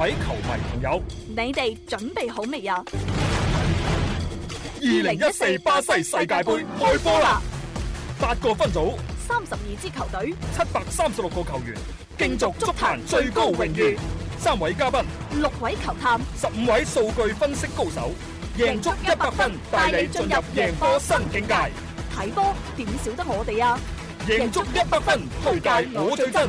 各位球迷朋友，你哋準備好未呀？二零一四巴西世界盃開波啦！八個分組，三十二支球隊，七百三十六個球員，競逐足壇最高榮譽。三位嘉賓，六位球探，十五位數據分析高手，贏足一百分，帶你進入贏波新境界。睇波點少得我哋呀？贏足一百分推介我最真。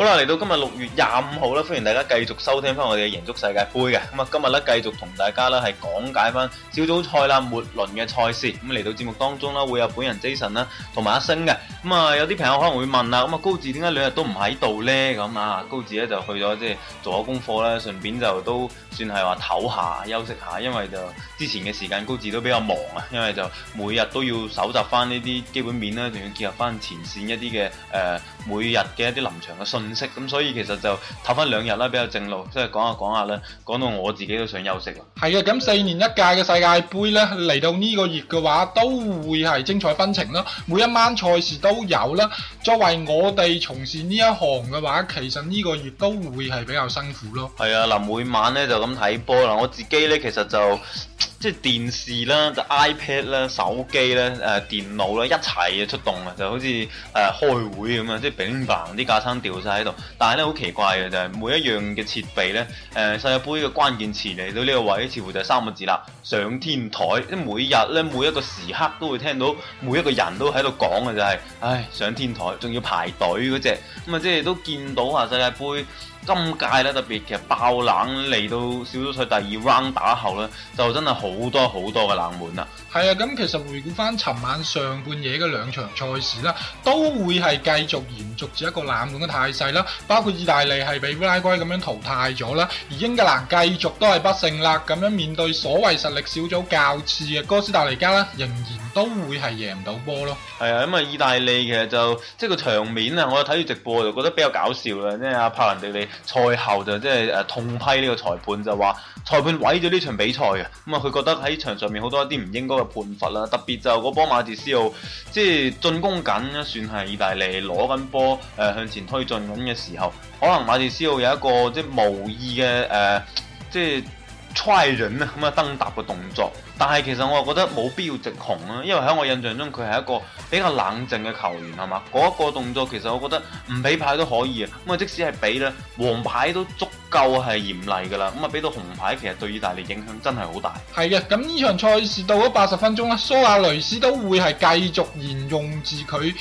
好啦，嚟到今日六月廿五號啦，歡迎大家繼續收聽翻我哋嘅贏足世界盃嘅。咁啊，今日咧繼續同大家咧係講解翻小組賽啦末輪嘅賽事。咁嚟到節目當中啦，會有本人 Jason 啦，同埋阿星嘅。咁啊，有啲朋友可能會問啊，咁啊高志點解兩日都唔喺度咧？咁啊，高志咧就去咗即係做咗功課啦，順便就都算係話唞下休息下，因為就之前嘅時間高志都比較忙啊，因為就每日都要搜集翻呢啲基本面啦，仲要結合翻前線一啲嘅誒每日嘅一啲臨場嘅信。咁所以其實就唞翻兩日啦，比較正路，即係講下講下啦，講到我自己都想休息啦。係啊，咁四年一屆嘅世界盃咧，嚟到呢個月嘅話，都會係精彩紛呈咯。每一晚賽事都有啦。作為我哋從事呢一行嘅話，其實呢個月都會係比較辛苦咯。係啊，嗱，每晚咧就咁睇波啦。我自己咧其實就～即係電視啦、就、啊、iPad 啦、啊、手機咧、誒、啊、電腦啦，一齊嘅出動啊，就好似誒、啊、開會咁啊，即係平板啲架撐掉晒喺度。但係咧好奇怪嘅就係、是、每一樣嘅設備咧，誒世界杯嘅關鍵詞嚟到呢個位，似乎就係三個字啦，上天台。即係每日咧，每一個時刻都會聽到每一個人都喺度講嘅就係、是，唉，上天台仲要排隊嗰隻。咁啊，即係都見到啊，世界杯。今屆咧，特別其實爆冷，嚟到小組賽第二 round 打後咧，就真係好多好多嘅冷門啦。係啊，咁其實回顧翻尋晚上半夜嘅兩場賽事啦，都會係繼續延續住一個冷門嘅態勢啦。包括意大利係被烏拉圭咁樣淘汰咗啦，而英格蘭繼續都係不勝啦，咁樣面對所謂實力小組較次嘅哥斯達黎加啦，仍然，都會係贏唔到波咯。係啊，咁啊，意大利其實就即係個場面啊，我睇住直播就覺得比較搞笑啦。即係阿帕蘭迪尼賽後就即係誒痛批呢個裁判就話，裁判毀咗呢場比賽啊。咁啊，佢覺得喺場上面好多一啲唔應該嘅判罰啦。特別就嗰波馬治斯奧即係進攻緊，算係意大利攞緊波誒向前推進緊嘅時候，可能馬治斯奧有一個即係無意嘅誒、呃、即係，踹人啊，咁嘅登踏嘅動作，但係其實我覺得冇必要直紅啊，因為喺我印象中佢係一個比較冷靜嘅球員係嘛，嗰、那個動作其實我覺得唔俾牌都可以啊，咁啊即使係俾啦黃牌都足夠係嚴厲噶啦，咁啊俾到紅牌其實對意大利影響真係好大。係嘅，咁呢場賽事到咗八十分鐘啦，蘇亞雷斯都會係繼續沿用住佢。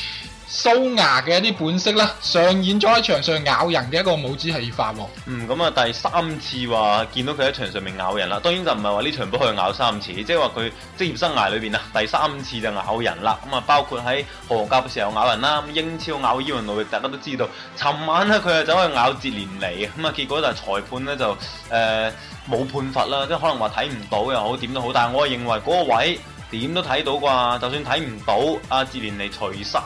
蘇牙嘅一啲本色啦，上演咗喺場上咬人嘅一個帽子戲法喎。嗯，咁啊第三次話見到佢喺場上面咬人啦，當然就唔係話呢場可以咬三次，即係話佢職業生涯裏邊啊第三次就咬人啦。咁啊包括喺荷甲嘅時候咬人啦，咁英超咬伊雲奴域大家都知道，尋晚咧佢啊走去咬哲連尼。咁啊結果就裁判咧就誒冇、呃、判罰啦，即係可能話睇唔到又好，點都好，但係我啊認為嗰個位。點都睇到啩？就算睇唔到，阿、啊、哲連尼除衫，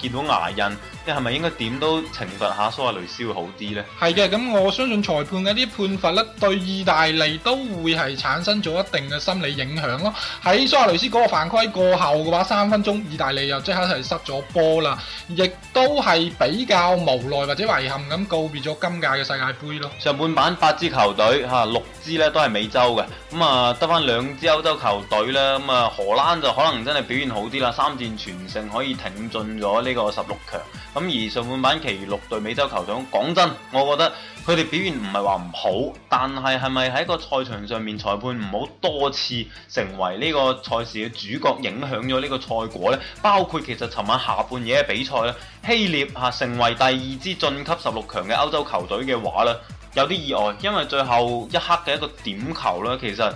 見到牙印，你係咪應該點都懲罰下蘇亞雷斯會好啲呢？係嘅，咁我相信裁判嗰啲判罰咧，對意大利都會係產生咗一定嘅心理影響咯。喺蘇亞雷斯嗰個犯規過後嘅話，三分鐘，意大利又即刻係失咗波啦，亦都係比較無奈或者遺憾咁告別咗今屆嘅世界盃咯。上半版八支球隊嚇，啊，六支咧都係美洲嘅，咁啊得翻兩支歐洲球隊啦，咁啊。荷蘭就可能真係表現好啲啦，三戰全勝可以挺進咗呢個十六強。咁而上半版其餘六隊美洲球隊，講真，我覺得佢哋表現唔係話唔好，但係係咪喺個賽場上面裁判唔好多次成為呢個賽事嘅主角，影響咗呢個賽果呢？包括其實尋晚下半夜嘅比賽咧，希臘嚇成為第二支晉級十六強嘅歐洲球隊嘅話呢，有啲意外，因為最後一刻嘅一個點球呢，其實。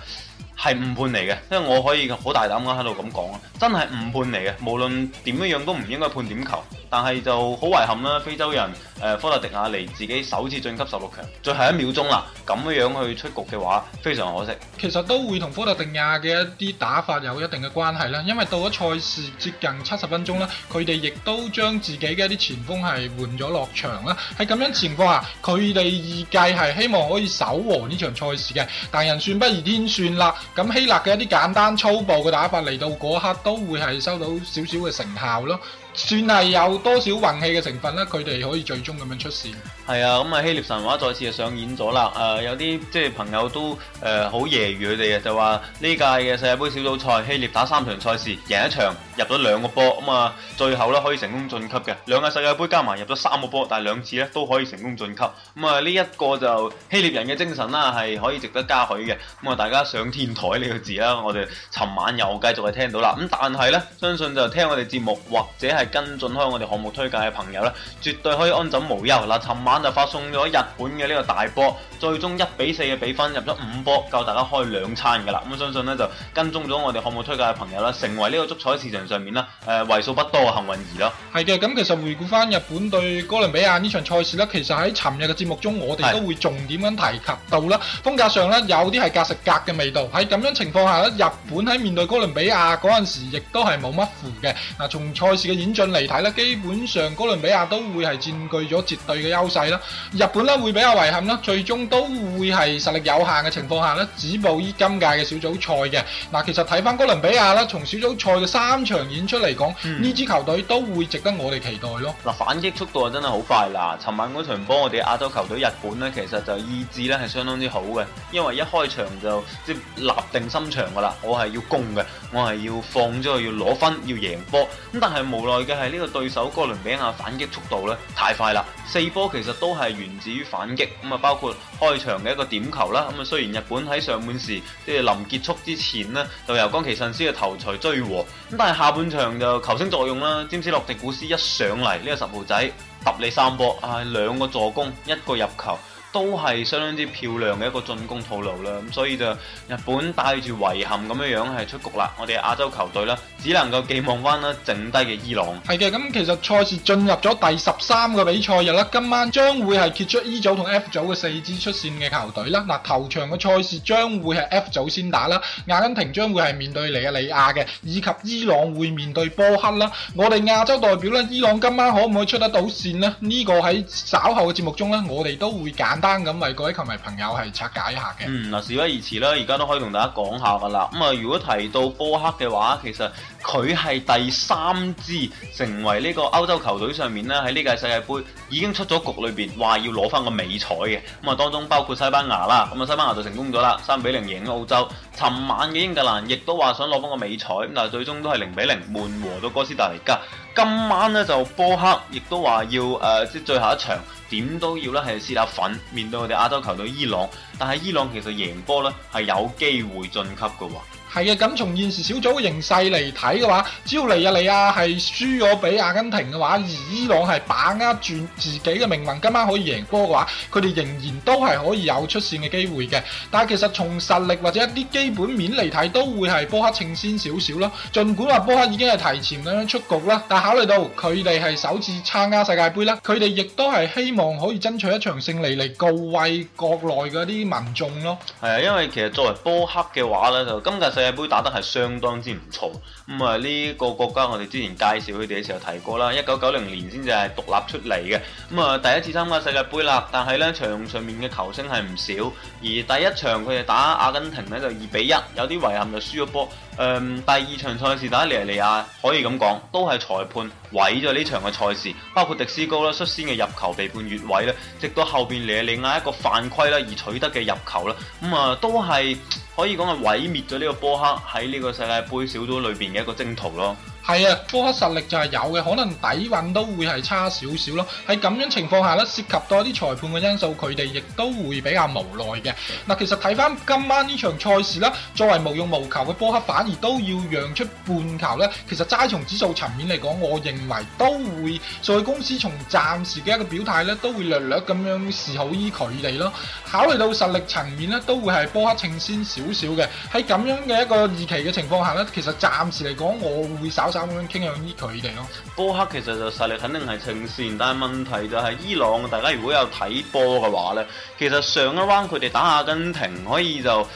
係唔判嚟嘅，因為我可以好大膽咁喺度咁講啊，真係唔判嚟嘅，無論點樣都唔應該判點球。但係就好遺憾啦，非洲人誒，呃、科特迪瓦嚟自己首次晉級十六強，最後一秒鐘啦，咁樣去出局嘅話，非常可惜。其實都會同科特迪瓦嘅一啲打法有一定嘅關係啦，因為到咗賽事接近七十分鐘啦，佢哋亦都將自己嘅一啲前鋒係換咗落場啦。喺咁樣情況下，佢哋預計係希望可以守和呢場賽事嘅，但人算不如天算啦。咁希臘嘅一啲簡單粗暴嘅打法嚟到嗰刻都會係收到少少嘅成效咯。算係有多少運氣嘅成分咧？佢哋可以最終咁樣出事。係啊，咁啊，希臘神話再次就上演咗啦！誒、呃，有啲即係朋友都誒好揶揄佢哋嘅，就話呢屆嘅世界盃小組賽，希臘打三場賽事，贏一場入咗兩個波，咁、嗯、啊，最後咧可以成功晉級嘅。兩屆世界盃加埋入咗三個波，但係兩次咧都可以成功晉級。咁、嗯、啊，呢一個就希臘人嘅精神啦，係可以值得嘉許嘅。咁、嗯、啊，大家上天台呢個字啦，我哋尋晚又繼續係聽到啦。咁、嗯、但係咧，相信就聽我哋節目或者係跟進開我哋項目推介嘅朋友咧，絕對可以安枕無憂嗱。尋、嗯、晚。就發送咗日本嘅呢個大波，最終一比四嘅比分入咗五波，夠大家開兩餐噶啦。咁、嗯、相信咧就跟蹤咗我哋項目推介嘅朋友啦，成為呢個足彩市場上面啦，誒為數不多嘅幸運兒咯。係嘅，咁其實回顧翻日本對哥倫比亞呢場賽事咧，其實喺尋日嘅節目中我哋都會重點咁提及到啦。的風格上咧有啲係格食格嘅味道。喺咁樣情況下咧，日本喺面對哥倫比亞嗰陣時，亦都係冇乜負嘅。嗱，從賽事嘅演進嚟睇咧，基本上哥倫比亞都會係佔據咗絕對嘅優勢。係啦，日本咧會比較遺憾啦，最終都會係實力有限嘅情況下咧，止步於今屆嘅小組賽嘅。嗱，其實睇翻哥倫比亞啦，從小組賽嘅三場演出嚟講，呢、嗯、支球隊都會值得我哋期待咯。嗱，反擊速度啊，真係好快啦！尋晚嗰場波，我哋亞洲球隊日本咧，其實就意志咧係相當之好嘅，因為一開場就即立定心腸噶啦，我係要攻嘅，我係要放咗要攞分，要贏波。咁但係無奈嘅係呢個對手哥倫比亞嘅反擊速度咧太快啦，四波其實。都係源自於反擊，咁啊包括開場嘅一個點球啦，咁啊雖然日本喺上半時即係臨結束之前咧就由岡崎慎司嘅頭槌追和，咁但係下半場就球星作用啦，占士洛迪古斯一上嚟呢、呢個十號仔揼你三波，啊兩個助攻，一個入球。都係相當之漂亮嘅一個進攻套路啦，咁所以就日本帶住遺憾咁樣樣係出局啦。我哋亞洲球隊啦，只能夠寄望翻啦剩低嘅伊朗。係嘅，咁其實賽事進入咗第十三個比賽日啦，今晚將會係揭出 E 組同 F 組嘅四支出線嘅球隊啦。嗱，頭場嘅賽事將會係 F 組先打啦，阿根廷將會係面對尼日利亞嘅，以及伊朗會面對波黑啦。我哋亞洲代表咧，伊朗今晚可唔可以出得到線呢？呢、呢個喺稍後嘅節目中咧，我哋都會揀。單咁為各位球迷朋友係拆解一下嘅。嗯，嗱，事不宜遲啦，而家都可以同大家講下噶啦。咁啊，如果提到波黑嘅話，其實佢係第三支成為呢個歐洲球隊上面呢，喺呢屆世界盃已經出咗局裏面，話要攞翻個美彩嘅。咁啊，當中包括西班牙啦，咁啊西班牙就成功咗啦，三比零贏咗澳洲。尋晚嘅英格蘭亦都話想攞翻個美彩，咁但係最終都係零比零悶和咗哥斯達黎加。今晚咧，就波黑，亦都話要誒，即係最後一場點都要咧，係試下粉面對我哋亞洲球隊伊朗，但係伊朗其實贏波咧係有機會進級嘅喎。係嘅，咁從現時小組嘅形勢嚟睇嘅話，只要尼日利亞係輸咗俾阿根廷嘅話，而伊朗係把握住自己嘅命運，今晚可以贏波嘅話，佢哋仍然都係可以有出線嘅機會嘅。但其實從實力或者一啲基本面嚟睇，都會係波黑勝先少少咯。儘管話波黑已經係提前咁樣出局啦，但考慮到佢哋係首次參加世界杯啦，佢哋亦都係希望可以爭取一場勝利嚟告慰國內嗰啲民眾咯。係啊，因為其實作為波黑嘅話咧，就今日世界杯打得係相當之唔錯，咁啊呢個國家我哋之前介紹佢哋嘅時候提過啦，一九九零年先至係獨立出嚟嘅，咁、嗯、啊第一次參加世界杯啦，但係呢場上面嘅球星係唔少，而第一場佢哋打阿根廷呢，就二比一，有啲遺憾就輸咗波、嗯，第二場賽事打尼日利亞，可以咁講都係裁判毀咗呢場嘅賽事，包括迪斯高啦率先嘅入球被判越位咧，直到後邊尼日利亞一個犯規啦而取得嘅入球啦，咁、嗯、啊都係。可以講係毀滅咗呢個波黑喺呢個世界盃小組裏面嘅一個征途囉。係啊，波克實力就係有嘅，可能底蘊都會係差少少咯。喺咁樣情況下咧，涉及到一啲裁判嘅因素，佢哋亦都會比較無奈嘅。嗱，其實睇翻今晚呢場賽事啦，作為無用無求嘅波克，反而都要讓出半球咧。其實齋從指數層面嚟講，我認為都會所以公司從暫時嘅一個表態咧，都會略略咁樣示好於佢哋咯。考慮到實力層面咧，都會係波克稱先少少嘅。喺咁樣嘅一個預期嘅情況下咧，其實暫時嚟講，我會稍。咁樣傾向於佢哋咯。波克其實就實力肯定係勝一線，但係問題就係伊朗，大家如果有睇波嘅話呢，其實上一 round 佢哋打阿根廷可以就誒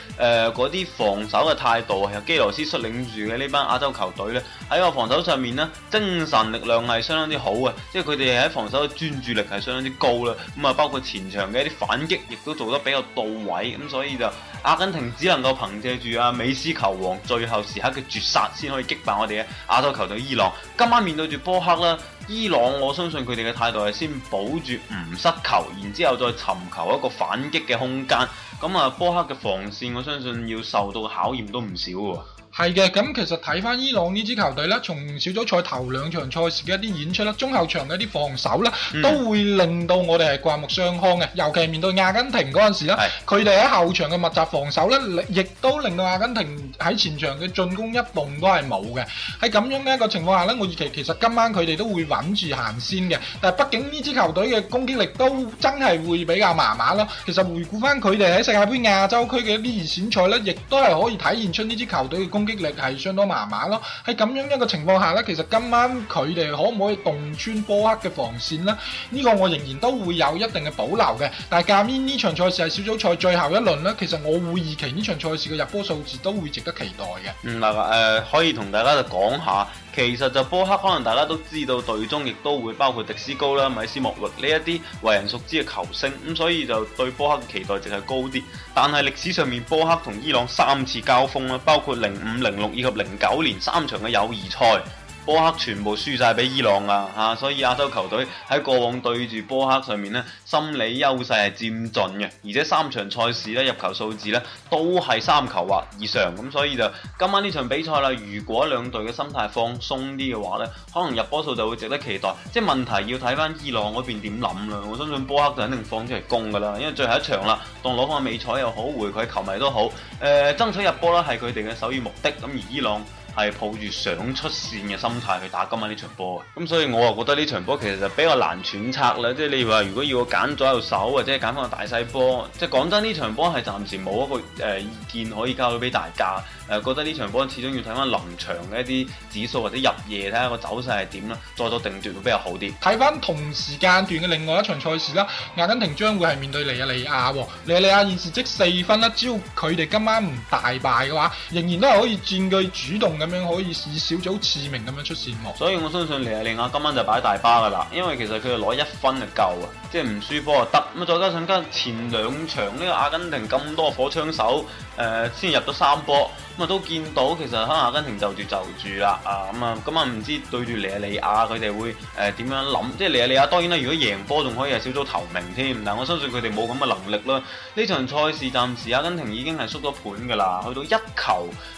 嗰啲防守嘅態度，係基羅斯率領住嘅呢班亞洲球隊呢。喺個防守上面呢，精神力量係相當之好嘅，即係佢哋喺防守嘅專注力係相當之高啦。咁啊，包括前場嘅一啲反擊亦都做得比較到位，咁所以就阿根廷只能夠憑借住阿美斯球王最後時刻嘅絕殺先可以擊敗我哋嘅亞。球隊伊朗今晚面對住波黑啦，伊朗我相信佢哋嘅態度係先保住唔失球，然之後再尋求一個反擊嘅空間。咁啊，波黑嘅防線我相信要受到考驗都唔少。係嘅，咁其實睇翻伊朗呢支球隊咧，從小組賽頭兩場賽事嘅一啲演出啦，中後場嘅一啲防守啦，嗯、都會令到我哋係刮目相看嘅。尤其面對阿根廷嗰陣時咧，佢哋喺後場嘅密集防守咧，亦都令到阿根廷喺前場嘅進攻一動都係冇嘅。喺咁樣嘅一個情況下咧，我預期其實今晚佢哋都會穩住行先嘅。但係畢竟呢支球隊嘅攻擊力都真係會比較麻麻囉。其實回顧翻佢哋喺世界盃亞洲區嘅一啲預選賽咧，亦都係可以體現出呢支球隊嘅攻。攻擊力係相當麻麻咯。喺咁樣一個情況下呢，其實今晚佢哋可唔可以洞穿波黑嘅防線咧？呢、這個我仍然都會有一定嘅保留嘅。但係鑒於呢場賽事係小組賽最後一輪呢，其實我會預期呢場賽事嘅入波數字都會值得期待嘅。嗯、嗱、那、誒、個呃，可以同大家就講下。其實就波黑，可能大家都知道隊中亦都會包括迪斯高啦、米斯莫域呢一啲為人熟知嘅球星，咁所以就對波黑嘅期待值係高啲。但係歷史上面波黑同伊朗三次交鋒啦，包括零五、零六以及零九年三場嘅友誼賽。波克全部輸晒俾伊朗啊，嚇！所以亞洲球隊喺過往對住波克上面呢，心理優勢係佔盡嘅，而且三場賽事呢，入球數字呢都係三球或以上，咁所以就今晚呢場比賽啦，如果兩隊嘅心態放鬆啲嘅話呢，可能入波數就會值得期待。即係問題要睇翻伊朗嗰邊點諗啦，我相信波克就肯定放出嚟攻噶啦，因為最後一場啦，當攞翻美彩又好，回饋球迷都好，誒、呃、爭取入波啦係佢哋嘅首要目的，咁而伊朗係抱住想出線嘅心態去打今晚呢場波嘅，咁所以我又覺得呢場波其實就比較難揣測啦。即係你話如果要我揀左右手或者係揀翻個大細波，即係講真，呢場波係暫時冇一個誒意見可以交到俾大家。誒覺得呢場波始終要睇翻臨場嘅一啲指數或者入夜睇下個走勢係點啦，再做，做定奪會比較好啲。睇翻同時間段嘅另外一場賽事啦，阿根廷將會係面對尼日利亞喎。尼日利亞現時積四分啦，只要佢哋今晚唔大敗嘅話，仍然都係可以佔據主動嘅。咁樣可以以小組次名咁樣出線喎，所以我相信尼日利亞啊今晚就擺大巴噶啦，因為其實佢哋攞一分就夠啊。即係唔輸波啊得，咁啊再加上加前兩場呢、這個阿根廷咁多火槍手，誒、呃、先入咗三波，咁啊都見到其實可能阿根廷就住就住啦啊，咁啊今晚唔知對住尼日利亞佢哋會誒點、呃、樣諗？即係尼日利亞當然啦，如果贏波仲可以係小組頭名添，但我相信佢哋冇咁嘅能力咯。呢場賽事暫時阿根廷已經係縮咗盤㗎啦，去到一球，誒、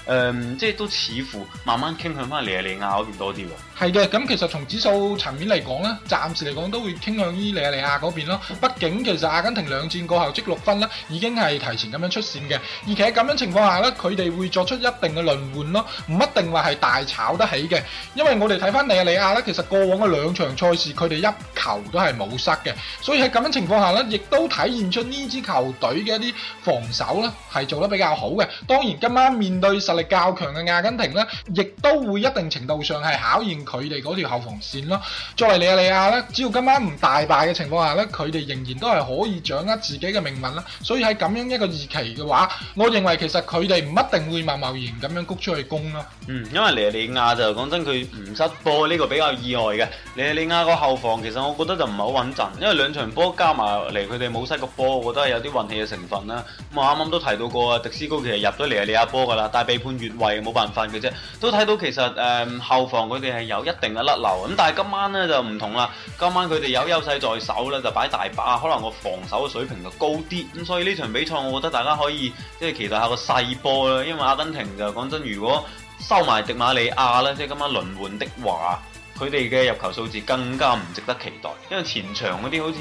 呃、即係都似乎慢慢傾向翻尼日利亞嗰邊多啲㗎。係嘅，咁其實從指數層面嚟講咧，暫時嚟講都會傾向於尼日利亞嗰邊咯。畢竟其實阿根廷兩戰過後積六分呢已經係提前咁樣出線嘅。而且咁樣情況下咧，佢哋會作出一定嘅輪換咯，唔一定話係大炒得起嘅。因為我哋睇翻尼日利亞咧，其實過往嘅兩場賽事佢哋一球都係冇失嘅，所以喺咁樣情況下咧，亦都體現出呢支球隊嘅一啲防守咧係做得比較好嘅。當然今晚面對實力較強嘅阿根廷咧，亦都會一定程度上係考驗。佢哋嗰條後防線咯，作為尼日利亞咧，只要今晚唔大敗嘅情況下咧，佢哋仍然都係可以掌握自己嘅命運啦。所以喺咁樣一個預期嘅話，我認為其實佢哋唔一定會貿貿然咁樣谷出去攻咯。嗯，因為尼日利亞就講真，佢唔失波呢個比較意外嘅。尼日利亞個後防其實我覺得就唔係好穩陣，因為兩場波加埋嚟，佢哋冇失過波，我覺得係有啲運氣嘅成分啦。咁我啱啱都提到過啊，迪斯高其實入咗尼日利亞波噶啦，但係被判越位，冇辦法嘅啫。都睇到其實誒後防佢哋係由一定嘅甩漏，咁但係今晚咧就唔同啦。今晚佢哋有優勢在手咧，就擺大巴，可能個防守嘅水平就高啲。咁所以呢場比賽，我覺得大家可以即係、就是、期待下個細波啦。因為阿根廷就講真，如果收埋迪馬利亞咧，即係今晚輪換的話，佢哋嘅入球數字更加唔值得期待。因為前場嗰啲好似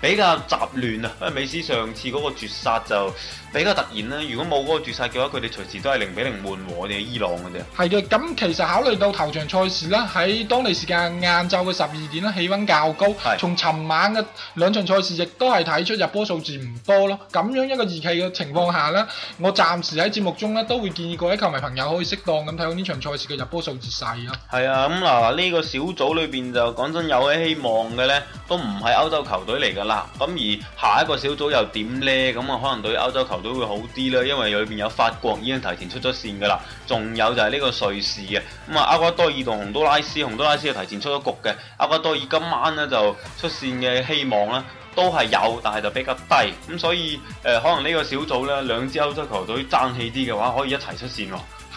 比較雜亂啊，因為美斯上次嗰個絕殺就。比較突然啦，如果冇嗰個絕殺嘅話，佢哋隨時都係零比零悶和嘅伊朗嘅啫。係嘅，咁其實考慮到頭場賽事啦，喺當地時間晏晝嘅十二點啦，氣温較高，從尋晚嘅兩場賽事亦都係睇出入波數字唔多咯。咁樣一個預期嘅情況下呢，我暫時喺節目中呢都會建議各位球迷朋友可以適當咁睇好呢場賽事嘅入波數字細咯。係啊，咁嗱呢個小組裏邊就講真有啲希望嘅呢，都唔係歐洲球隊嚟噶啦。咁而下一個小組又點呢？咁啊，可能對歐洲球。都會好啲啦，因為裏邊有法國已經提前出咗線噶啦，仲有就係呢個瑞士嘅。咁啊厄瓜多爾同洪都拉斯，洪都拉斯又提前出咗局嘅，厄瓜多爾今晚咧就出線嘅希望咧都係有，但係就比較低，咁所以誒、呃、可能呢個小組咧兩支歐洲球隊爭氣啲嘅話，可以一齊出線。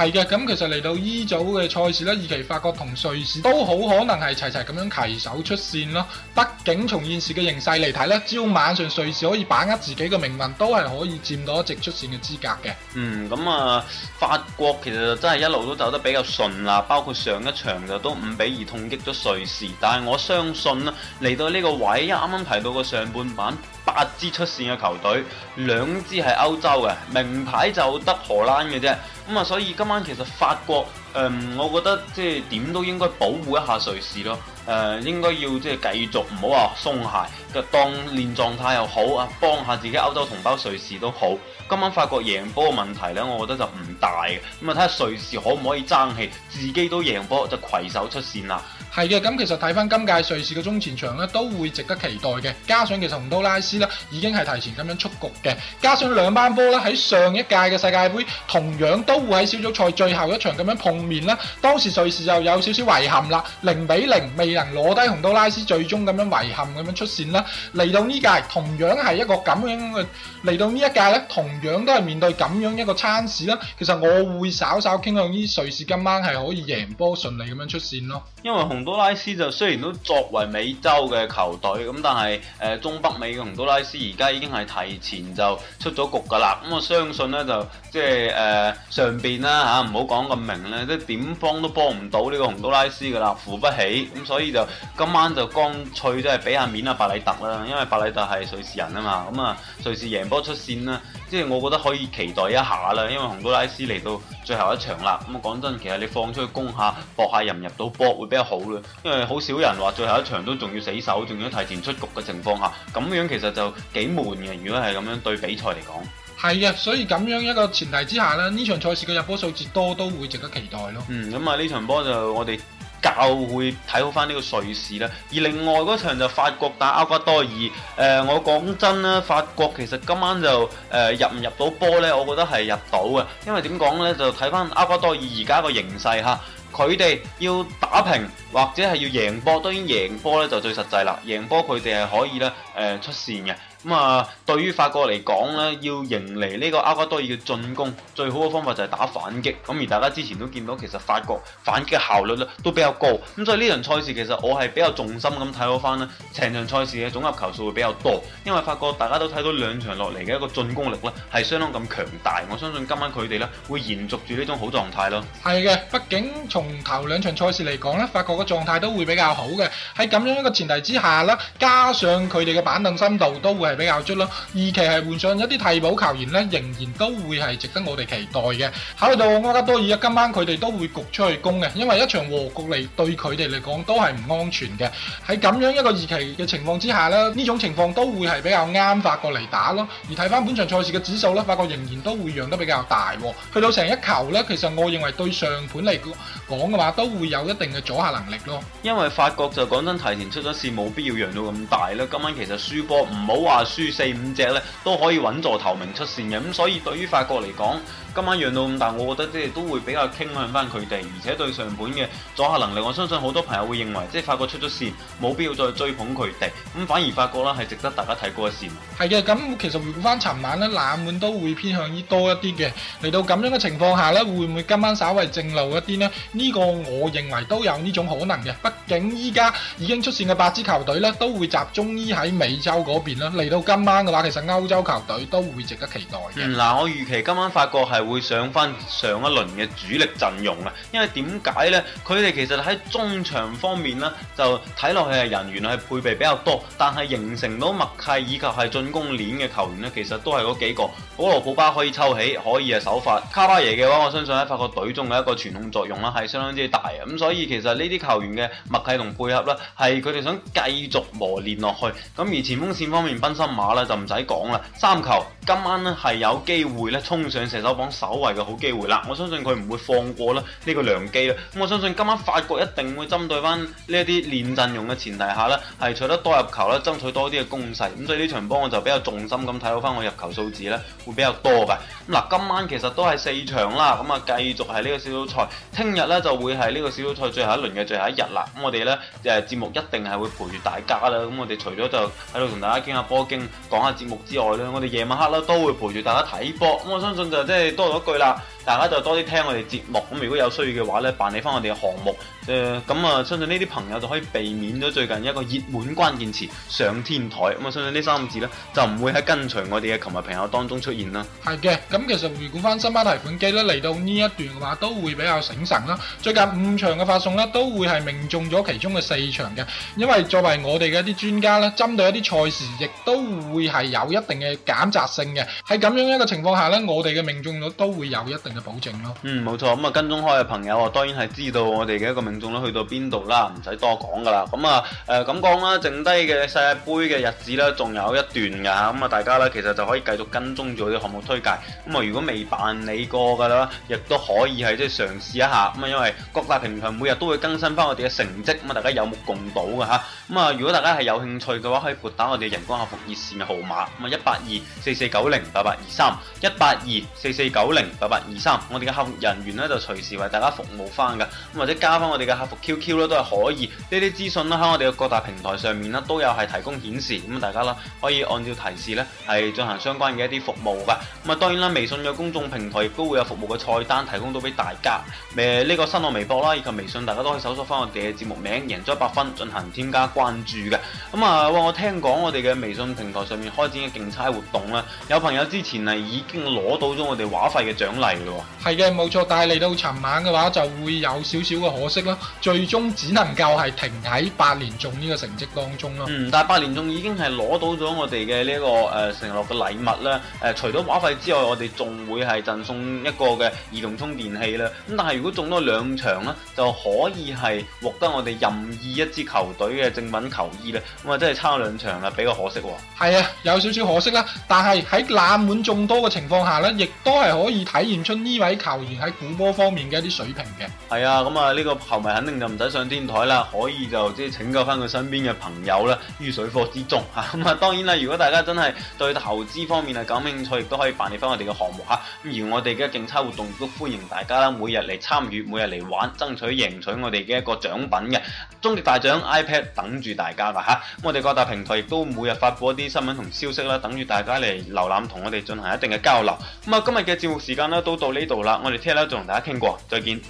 係嘅，咁其實嚟到 E 組嘅賽事咧，尤其法國同瑞士都好可能係齊齊咁樣攜手出線咯。畢竟從現時嘅形勢嚟睇咧，只要晚上瑞士可以把握自己嘅命運，都係可以佔到一席出線嘅資格嘅。嗯，咁啊，法國其實真係一路都走得比較順啦，包括上一場就都五比二痛擊咗瑞士。但係我相信咧，嚟到呢個位置，一啱啱提到個上半版。八支出線嘅球隊，兩支係歐洲嘅，名牌就得荷蘭嘅啫。咁啊，所以今晚其實法國，誒、呃，我覺得即係點都應該保護一下瑞士咯。誒、呃，應該要即係繼續唔好話鬆懈，就當練狀態又好啊，幫下自己歐洲同胞瑞士都好。今晚法國贏波嘅問題咧，我覺得就唔大嘅。咁啊，睇下瑞士可唔可以爭氣，自己都贏波就攜手出線啦。係嘅，咁其實睇翻今屆瑞士嘅中前場咧，都會值得期待嘅。加上其實洪都拉斯咧，已經係提前咁樣出局嘅。加上兩班波咧，喺上一屆嘅世界盃，同樣都會喺小組賽最後一場咁樣碰面啦。當時瑞士就有少少遺憾啦，零比零未能攞低洪都拉斯，最終咁樣遺憾咁樣出線啦。嚟到呢屆同樣係一個咁樣嘅，嚟到呢一屆咧同樣都係面對咁樣一個餐市啦。其實我會稍稍傾向於瑞士今晚係可以贏波，順利咁樣出線咯。因為洪都拉斯就雖然都作為美洲嘅球隊，咁但係誒中北美嘅洪都拉斯而家已經係提前就出咗局噶啦，咁我相信呢，就即係誒上邊啦吓，唔好講咁明咧，即係點幫都幫唔到呢個洪都拉斯噶啦，扶不起，咁所以就今晚就乾脆都係俾下面啊巴里特啦，因為巴里特係瑞士人啊嘛，咁啊瑞士贏波出線啦，即係我覺得可以期待一下啦，因為洪都拉斯嚟到最後一場啦，咁講真的，其實你放出去攻下搏下入唔入到波會比較好。因為好少人話最後一場都仲要死守，仲要提前出局嘅情況下，咁樣其實就幾悶嘅。如果係咁樣對比賽嚟講，係啊。所以咁樣一個前提之下呢，呢場賽事嘅入波數字多都會值得期待咯。嗯，咁啊呢場波就我哋較會睇好翻呢個瑞士啦。而另外嗰場就法國打厄瓜多爾。誒、呃，我講真啦，法國其實今晚就誒、呃、入唔入到波呢，我覺得係入到嘅。因為點講呢？就睇翻厄瓜多爾而家個形勢吓。佢哋要打平或者係要贏波，當然贏波咧就最實際啦。贏波佢哋係可以咧誒，出線嘅。咁啊，對於法國嚟講咧，要迎嚟呢個厄瓜多爾嘅進攻，最好嘅方法就係打反擊。咁而大家之前都見到，其實法國反擊嘅效率咧都比較高。咁所以呢場賽事其實我係比較重心咁睇好翻呢成場賽事嘅總入球數會比較多，因為法國大家都睇到兩場落嚟嘅一個進攻力咧係相當咁強大。我相信今晚佢哋咧會延續住呢種好狀態咯。係嘅，畢竟從頭兩場賽事嚟講咧，法國嘅狀態都會比較好嘅。喺咁樣一個前提之下啦，加上佢哋嘅板凳深度都會係比較足咯，二期係換上一啲替補球員咧，仍然都會係值得我哋期待嘅。考慮到厄瓜多爾今晚佢哋都會焗出去攻嘅，因為一場和局嚟對佢哋嚟講都係唔安全嘅。喺咁樣一個二期嘅情況之下咧，呢種情況都會係比較啱法國嚟打咯。而睇翻本場賽事嘅指數咧，法國仍然都會讓得比較大，去到成一球咧。其實我認為對上盤嚟講。講嘅話都會有一定嘅阻嚇能力咯，因為法國就講真提前出咗線，冇必要讓到咁大啦。今晚其實輸波唔好話輸四五隻咧，都可以穩坐頭名出線嘅。咁所以對於法國嚟講。今晚讓到咁大，我覺得即係都會比較傾向翻佢哋，而且對上盤嘅阻嚇能力，我相信好多朋友會認為，即係法國出咗線，冇必要再追捧佢哋，咁反而法國啦係值得大家睇嗰嘅線。係嘅，咁其實回顧翻尋晚咧，冷門都會偏向於多一啲嘅。嚟到咁樣嘅情況下呢，會唔會今晚稍為正路一啲呢？呢、這個我認為都有呢種可能嘅。畢竟依家已經出線嘅八支球隊呢，都會集中於喺美洲嗰邊啦。嚟到今晚嘅話，其實歐洲球隊都會值得期待嘅。嗱、嗯，我預期今晚法國係會上翻上一輪嘅主力陣容啦，因為點解呢？佢哋其實喺中場方面呢，就睇落去係人員係配備比較多，但係形成到默契以及係進攻鏈嘅球員呢，其實都係嗰幾個。保羅普巴可以抽起，可以係首發。卡巴耶嘅話，我相信喺法國隊中嘅一個傳統作用啦，係相當之大啊！咁所以其實呢啲球員嘅默契同配合咧，係佢哋想繼續磨練落去。咁而前鋒線方面，奔森馬咧就唔使講啦，三球今晚呢，係有機會咧衝上射手榜，守衛嘅好機會啦，我相信佢唔會放過啦，呢個良機啦。咁我相信今晚法國一定會針對翻呢一啲練陣容嘅前提下呢，係取得多入球啦，爭取多啲嘅攻勢。咁所以呢場波我就比較重心咁睇到翻我入球數字呢會比較多嘅。咁嗱，今晚其實都係四場啦，咁啊繼續係呢個小組賽。聽日呢就會係呢個小組賽最後一輪嘅最後一日啦。咁我哋呢，誒節目一定係會陪住大家啦。咁我哋除咗就喺度同大家傾下波經，講下節目之外呢，我哋夜晚黑啦都會陪住大家睇波。咁我相信就即係。多咗句啦。大家就多啲聽我哋節目，咁如果有需要嘅話咧，辦理翻我哋嘅項目，誒、呃，咁啊，相信呢啲朋友就可以避免咗最近一個熱門關鍵詞上天台，咁啊，相信呢三個字咧就唔會喺跟隨我哋嘅球迷朋友當中出現啦。係嘅，咁、嗯、其實回顧翻新巴提款機咧，嚟到呢一段嘅話都會比較醒神啦。最近五場嘅發送咧，都會係命中咗其中嘅四場嘅，因為作為我哋嘅一啲專家咧，針對一啲賽事亦都會係有一定嘅揀擇性嘅。喺咁樣一個情況下咧，我哋嘅命中率都會有一定。嘅保證咯，嗯，冇錯咁啊，跟蹤開嘅朋友啊，當然係知道我哋嘅一個命中率去到邊度啦，唔使多講噶啦。咁啊，誒咁講啦，剩低嘅世界盃嘅日子咧，仲有一段嘅嚇。咁啊，大家咧其實就可以繼續跟蹤住我哋項目推介。咁啊，如果未辦理過嘅啦，亦都可以係即係嘗試一下。咁啊，因為各大平台每日都會更新翻我哋嘅成績，咁啊，大家有目共睹嘅嚇。咁啊，如果大家係有興趣嘅話，可以撥打我哋人工客服熱線嘅號碼，咁啊，一八二四四九零八八二三，一八二四四九零八八二，三，我哋嘅客服人員咧就隨時為大家服務翻嘅，咁或者加翻我哋嘅客服 QQ 咧都係可以。呢啲資訊咧喺我哋嘅各大平台上面咧都有係提供顯示，咁大家啦可以按照提示咧係進行相關嘅一啲服務嘅。咁啊當然啦，微信嘅公眾平台亦都會有服務嘅菜單提供到俾大家。誒、這、呢個新浪微博啦以及微信，大家都可以搜索翻我哋嘅節目名《贏咗一百分》進行添加關注嘅。咁、嗯、啊，我聽講我哋嘅微信平台上面開展嘅競猜活動咧，有朋友之前啊已經攞到咗我哋話費嘅獎勵。係嘅，冇錯，但係嚟到尋晚嘅話，就會有少少嘅可惜啦。最終只能夠係停喺八連中呢個成績當中咯。嗯，但係八連中已經係攞到咗我哋嘅呢個誒、呃、承諾嘅禮物啦。誒、呃，除咗話費之外，我哋仲會係贈送一個嘅移動充電器啦。咁但係如果中多兩場呢，就可以係獲得我哋任意一支球隊嘅正品球衣咧。咁啊，真係差兩場啦，比較可惜喎。係啊，有少少可惜啦。但係喺冷門眾多嘅情況下呢，亦都係可以體現出。呢位球員喺估波方面嘅一啲水平嘅，係啊，咁啊呢個球迷肯定就唔使上天台啦，可以就即係拯救翻佢身邊嘅朋友啦，於水火之中嚇。咁啊，當然啦，如果大家真係對投資方面啊感興趣，亦都可以辦理翻我哋嘅項目嚇、啊。而我哋嘅競猜活動都歡迎大家啦，每日嚟參與，每日嚟玩，爭取贏取我哋嘅一個獎品嘅，終極大獎 iPad 等住大家噶嚇、啊。我哋各大平台亦都每日發佈一啲新聞同消息啦，等住大家嚟瀏覽同我哋進行一定嘅交流。咁啊，今日嘅節目時間呢，都到呢度啦，我哋聽日仲同大家傾過，再見。